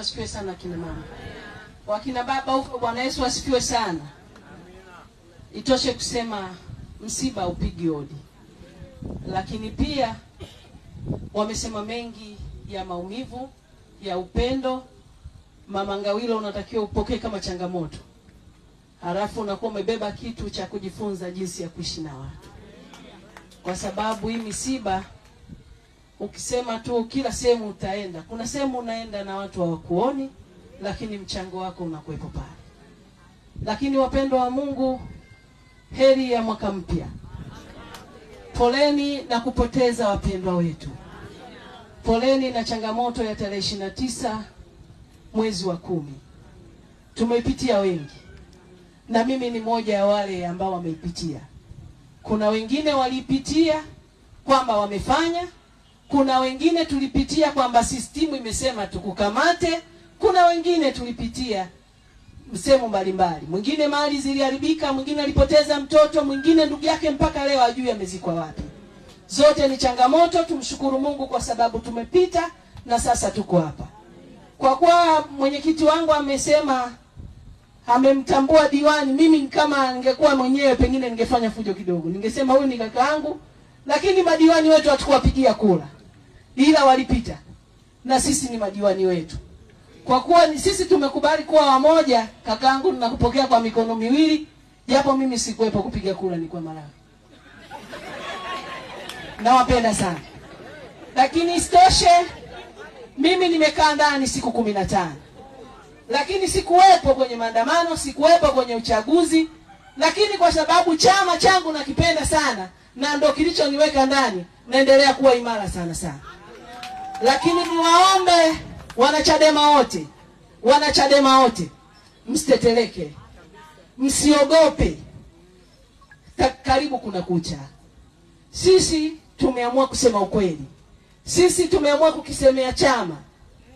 Asifiwe sana kina mama. Wakina baba huko, Bwana Yesu asifiwe sana. Itoshe kusema msiba upigi odi, lakini pia wamesema mengi ya maumivu ya upendo. Mama Ngawila, unatakiwa upokee kama changamoto, halafu unakuwa umebeba kitu cha kujifunza jinsi ya kuishi na watu, kwa sababu hii misiba ukisema tu kila sehemu utaenda. Kuna sehemu unaenda na watu hawakuoni, lakini mchango wako unakuwepo pale. Lakini wapendwa wa Mungu, heri ya mwaka mpya. Poleni na kupoteza wapendwa wetu, poleni na changamoto ya tarehe ishirini na tisa mwezi wa kumi. Tumeipitia wengi, na mimi ni moja ya wale ambao wameipitia. Kuna wengine waliipitia kwamba wamefanya kuna wengine tulipitia kwamba sistimu imesema tukukamate. Kuna wengine tulipitia msemo mbalimbali, mwingine mali ziliharibika, mwingine alipoteza mtoto, mwingine ndugu yake mpaka leo hajui amezikwa wapi. Zote ni changamoto. Tumshukuru Mungu kwa sababu tumepita na sasa tuko hapa. Kwa kuwa mwenyekiti wangu amesema amemtambua diwani, mimi kama ningekuwa mwenyewe pengine ningefanya fujo kidogo, ningesema huyu ni kaka yangu, lakini madiwani wetu hatukuwapigia kura ila walipita, na sisi ni madiwani wetu. Kwa kuwa ni sisi tumekubali kuwa wamoja, kakaangu, ninakupokea kwa mikono miwili, japo mimi sikuwepo kupiga kura, ni kwa Malawi. Nawapenda sana, lakini isitoshe mimi nimekaa ndani siku kumi na tano lakini sikuwepo kwenye maandamano, sikuwepo kwenye uchaguzi, lakini kwa sababu chama changu nakipenda sana na ndo kilichoniweka ndani, naendelea kuwa imara sana sana. Lakini niwaombe wanachadema wote, wanachadema wote msiteteleke, msiogope. Karibu kuna kucha. Sisi tumeamua kusema ukweli, sisi tumeamua kukisemea chama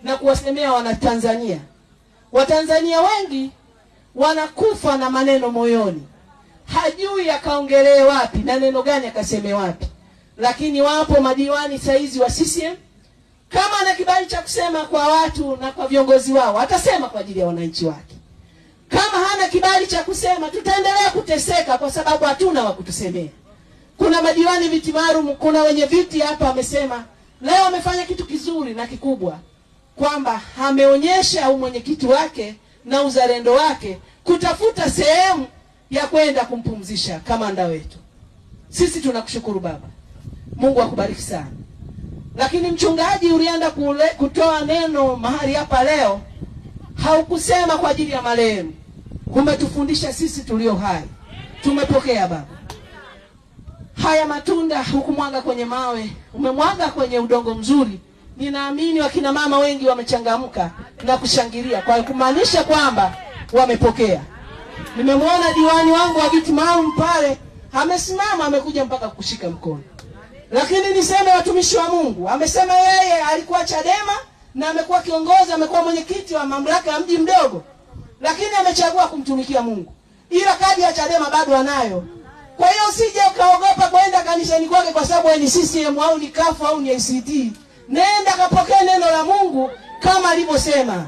na kuwasemea Wanatanzania. Watanzania wengi wanakufa na maneno moyoni, hajui akaongelee wapi na neno gani akaseme wapi, lakini wapo madiwani saizi wa CCM kama ana kibali cha kusema kwa watu na kwa viongozi wao, atasema kwa ajili ya wananchi wake. Kama hana kibali cha kusema, tutaendelea kuteseka kwa sababu hatuna wa kutusemea. Kuna madiwani viti maalum, kuna wenye viti hapa wamesema leo amefanya kitu kizuri na kikubwa, kwamba ameonyesha umwenyekiti wake na uzalendo wake kutafuta sehemu ya kwenda kumpumzisha kamanda wetu. Sisi tunakushukuru baba, Mungu akubariki sana. Lakini mchungaji, ulienda kule kutoa neno mahali hapa leo, haukusema kwa ajili ya marehemu. Umetufundisha sisi tulio hai, tumepokea Baba. Haya matunda hukumwaga kwenye mawe, umemwaga kwenye udongo mzuri. Ninaamini wakina mama wengi wamechangamka na kushangilia kwa kumaanisha kwamba wamepokea. Nimemwona diwani wangu wa viti maalum pale amesimama, amekuja mpaka kushika mkono. Lakini niseme watumishi wa Mungu, amesema yeye alikuwa Chadema na amekuwa kiongozi, amekuwa mwenyekiti wa mamlaka ya mji mdogo, lakini amechagua kumtumikia Mungu, ila kadi ya Chadema bado anayo. Kwa hiyo usije ukaogopa kwenda kanisani kwake kwa sababu ni CCM au ni CUF au ni ACT. Nenda kapokee neno la Mungu kama alivyosema.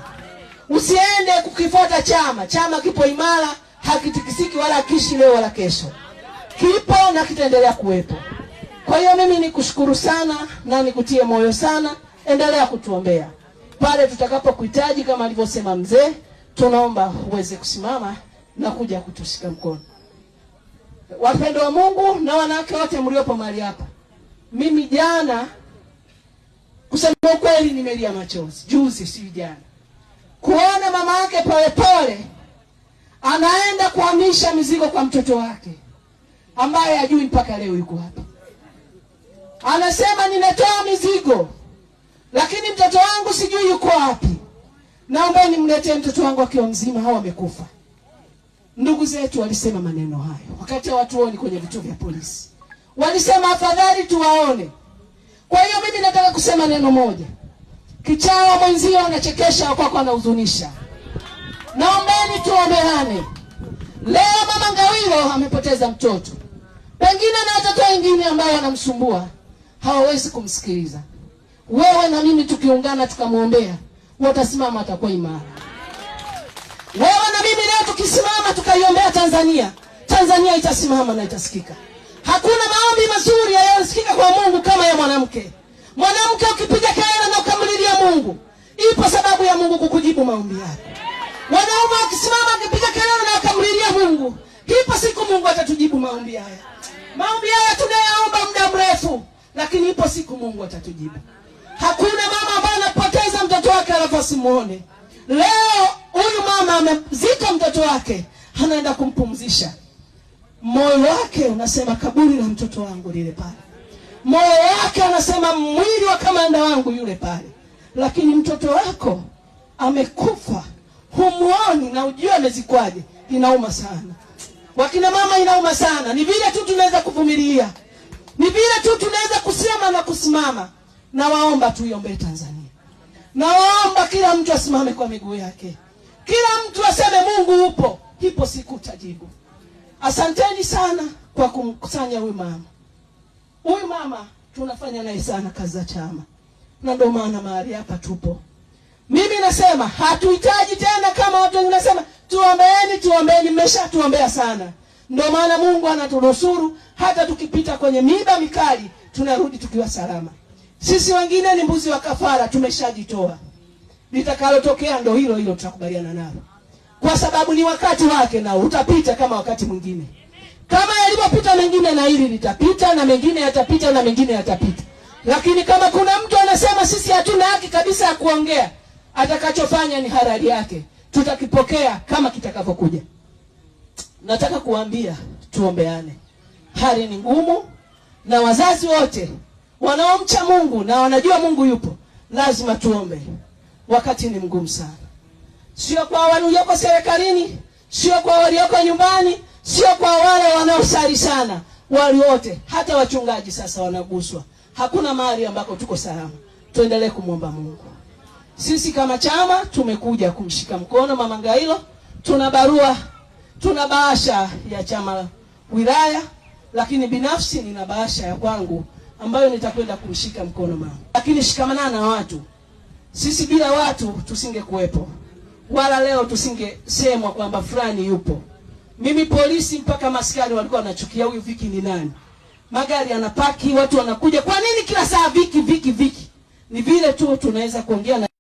Usiende kukifuata chama. Chama kipo imara, hakitikisiki wala kishi leo wala kesho. Kipo na kitaendelea kuwepo. Kwa hiyo mimi nikushukuru sana na nikutie moyo sana, endelea kutuombea pale tutakapokuhitaji. Kama alivyosema mzee, tunaomba uweze kusimama na kuja kutushika mkono. Wapendo wa Mungu na wanawake wote mliopo mahali hapa, mimi jana, kusema ukweli, nimelia machozi juzi, si jana, kuona mama yake polepole anaenda kuhamisha mizigo kwa mtoto wake ambaye hajui mpaka leo yuko hapa anasema ninatoa mizigo, lakini mtoto wangu sijui yuko wapi, Naomba nimletee mtoto wangu akiwa mzima au amekufa. Ndugu zetu walisema maneno hayo wakati hawatuoni kwenye vituo vya polisi, walisema afadhali tuwaone. Kwa hiyo mimi nataka kusema neno moja, kichawa mwenzio anachekesha, wakwako anahuzunisha. Naombeni tuombeane. Leo mama Ngawilo amepoteza mtoto, pengine na watoto wengine ambao wanamsumbua hawawezi kumsikiliza. Wewe na mimi tukiungana tukamwombea, watasimama, atakuwa imara. Wewe na mimi leo tukisimama tukaiombea Tanzania, Tanzania itasimama na itasikika. Hakuna maombi mazuri yanayosikika kwa Mungu kama ya mwanamke. Mwanamke ukipiga kelele na ukamlilia Mungu, ipo sababu ya Mungu kukujibu maombi yako. Wanaume wakisimama wakipiga kelele na wakamlilia Mungu, ipo siku Mungu atatujibu maombi haya. Maombi haya tunayaomba muda mrefu lakini ipo siku Mungu atatujibu. Hakuna mama ambaye anapoteza mtoto wake alafu asimuone. Leo huyu mama amezika mtoto wake, anaenda kumpumzisha, moyo wake unasema kaburi la mtoto wangu lile pale, moyo wake anasema mwili wa kamanda wangu yule pale, lakini mtoto wako amekufa, humuoni na ujue amezikwaje. Inauma sana, wakina mama, inauma sana. Ni vile tu tunaweza kuvumilia. Ni vile tu tunaweza kusema na kusimama. Nawaomba tuiombee Tanzania, nawaomba kila mtu asimame kwa miguu yake, kila mtu aseme Mungu upo, ipo siku utajibu. Asanteni sana kwa kumkusanya huyu mama. Huyu mama tunafanya naye sana kazi za chama, na ndio maana mahali hapa tupo. Mimi nasema hatuhitaji tena, kama watu wengine nasema tuombeeni, tuombeeni, mmeshatuombea sana. Ndio maana Mungu anatunusuru hata tukipita kwenye miba mikali tunarudi tukiwa salama. Sisi wengine ni mbuzi wa kafara, tumeshajitoa. Litakalotokea ndio hilo hilo, tutakubaliana nalo kwa sababu ni wakati wake, na utapita kama wakati mwingine, kama yalipopita mengine, na hili litapita na mengine yatapita na mengine yatapita. Lakini kama kuna mtu anasema sisi hatuna haki kabisa ya kuongea, atakachofanya ni harari yake, tutakipokea kama kitakavyokuja nataka kuambia tuombeane. Hali ni ngumu, na wazazi wote wanaomcha Mungu na wanajua Mungu yupo, lazima tuombe. Wakati ni mgumu sana, sio kwa walioko serikalini, sio kwa walioko nyumbani, sio kwa wale wanaosali sana, wali wote, hata wachungaji sasa wanaguswa. Hakuna mahali ambako tuko salama. Tuendelee kumwomba Mungu. Sisi kama chama tumekuja kumshika mkono Mama Ngailo, tuna barua tuna bahasha ya chama wilaya, lakini binafsi nina bahasha ya kwangu ambayo nitakwenda kumshika mkono mama. Lakini shikamana na watu, sisi bila watu tusingekuwepo, wala leo tusingesemwa kwamba fulani yupo. Mimi polisi mpaka maskari walikuwa wanachukia huyu Viki ni nani, magari anapaki, watu wanakuja, kwa nini kila saa Viki Viki Viki? Ni vile tu tunaweza kuongea na